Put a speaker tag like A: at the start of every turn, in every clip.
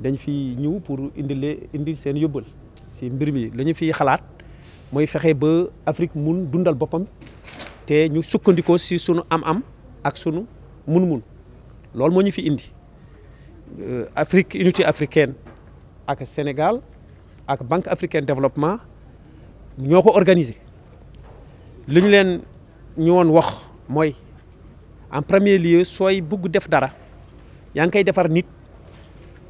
A: dañ fi ñëw pour le indi seen yobul ci mbir mi lañu fi xalaat moy fexé ba Afrique mun dundal bopam té ñu sukkandiko ci sunu am-am ak sunu mun-mun lool moñu fi indi euh, Afrique unité africaine ak Sénégal ak Banque africaine développement ñoko organiser organisé leen ñu won wax moy en premier lieu soy bugg def dara yang kay defar nit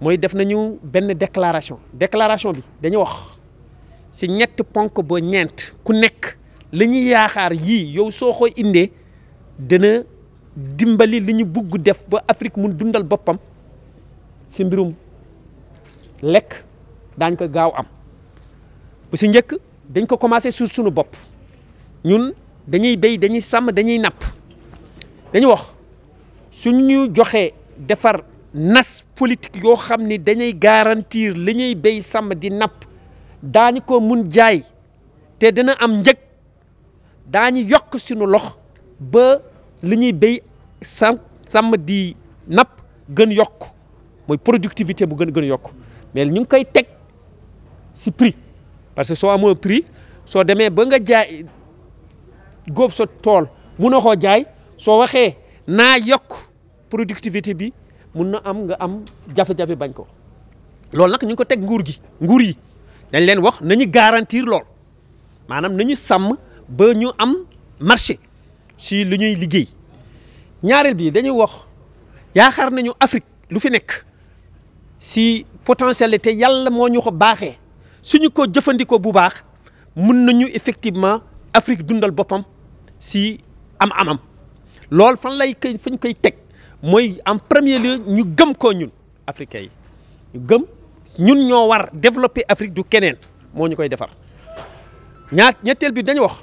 A: Moy def nañu benn déclaration déclaration bi dañu wax si ñett ponk bo ñent ku nekk li ñu yi yow soo ko indé dina dimbali liñu ñu bugg def ba Afrique mu dundal boppam si mbirum lek dañ ko gaaw am bu si njëkk dañ ko commencé sur suñu bopp ñun dañuy béy dañuy sam dañuy nap dañu wax suñu joxé defar nas politique yoo xam ni dañuy garantir li ñuy béy sàmm di napp daañu ko mun jaay te dana am njëg daañu yokk suñu lox ba li ñuy béy sàmm sàmm di napp gën yokk mooy productivité bu gën gën yokk mais ñu ngi koy teg si prix parce que soo amoo prix soo demee ba nga jaay góob sa tool mun na koo jaay soo waxee naa yokk productivité bi mën na am nga am jafe-jafe bañ ko lool nak ñu ko tek nguur gi nguur yi dañ leen wax nañu garantir lool manam nañu sam ba ñu am marché si lu ñuy liggéey ñaareel bi dañu wax yaakaar nañu Afrique lu fi nekk si potentialité yalla mo ñu ko baaxee suñu ko jëfëndiko bu baax mun nañu effectivement Afrique dundal bopam si am-amam lool fan lay koy fañ koy tek en premier lieu ñu gëm ko ñun africains ñu war développer Afrique du kenen mo ñukoy défar ñaar bi dañ wax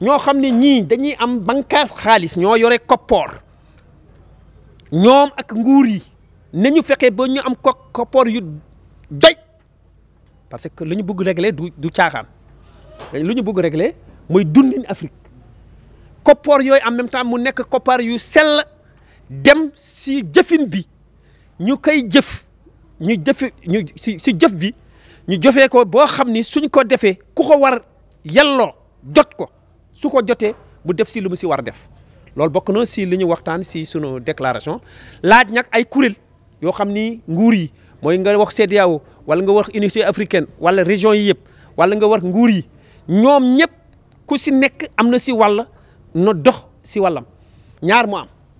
A: ñoo xamni ñi dañuy am bànqaas xaalis ñoo yoré copor ñom ak nguur yi ñu am parce que lu bëgg régler du du caaxaan lu ñu bëgg régler Afrique en même temps mu nek dem si jëfin bi ñu kay jëf ñu jëf ñu si si jëf bi ñu jëfee ko bo xamni suñ ko défé ku ko war yallo jot ko su ko joté bu def si lu mu si war def lol bokk no si liñu waxtaan si suñu déclaration laaj ñak ay kuril yo xamni nguur yi moy nga wax CDAO wala nga wax unité africaine wala région yi yépp wala nga wax nguur yi ñom ku si nek amna si wal no dox si walam ñaar mu am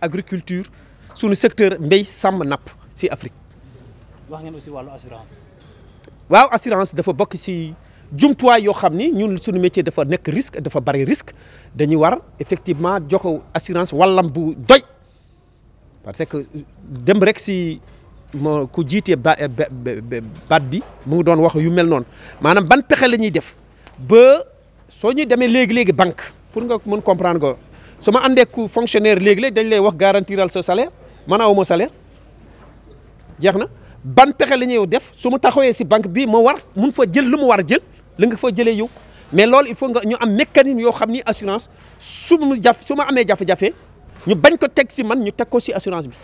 A: agriculture suñu secteur mbéy sam nap si Afrique. wax ngeen aussi wàllu assurance. waaw assurance dafa bokk si jumtuwaay yo xamni ñun suñu métier dafa nek risque dafa bari risque dañuy war effectivement jox assurance walam bu doy parce que dem rek si. moo ku jiitee ba bi mu doon wax yu mel non manam ban pexe la ñuy def ba soñu ñuy légui légui banque pour nga mën comprendre ko su ma àndee ku fonctionnaire léegi-léeg dañ lay wax garantiral sa salaire man aw salaire jeex na ban pexe la ñuy def su ma taxawee banque bi ma war mun fa jël lu mu war jël li nga fa jëlee yow mais l'ol il faut nga ñu am mécanisme yoo xam assurance su mu jaf su ma amee jafe-jafe ñu bañ ko teg si man ñu teg ko si assurance bi.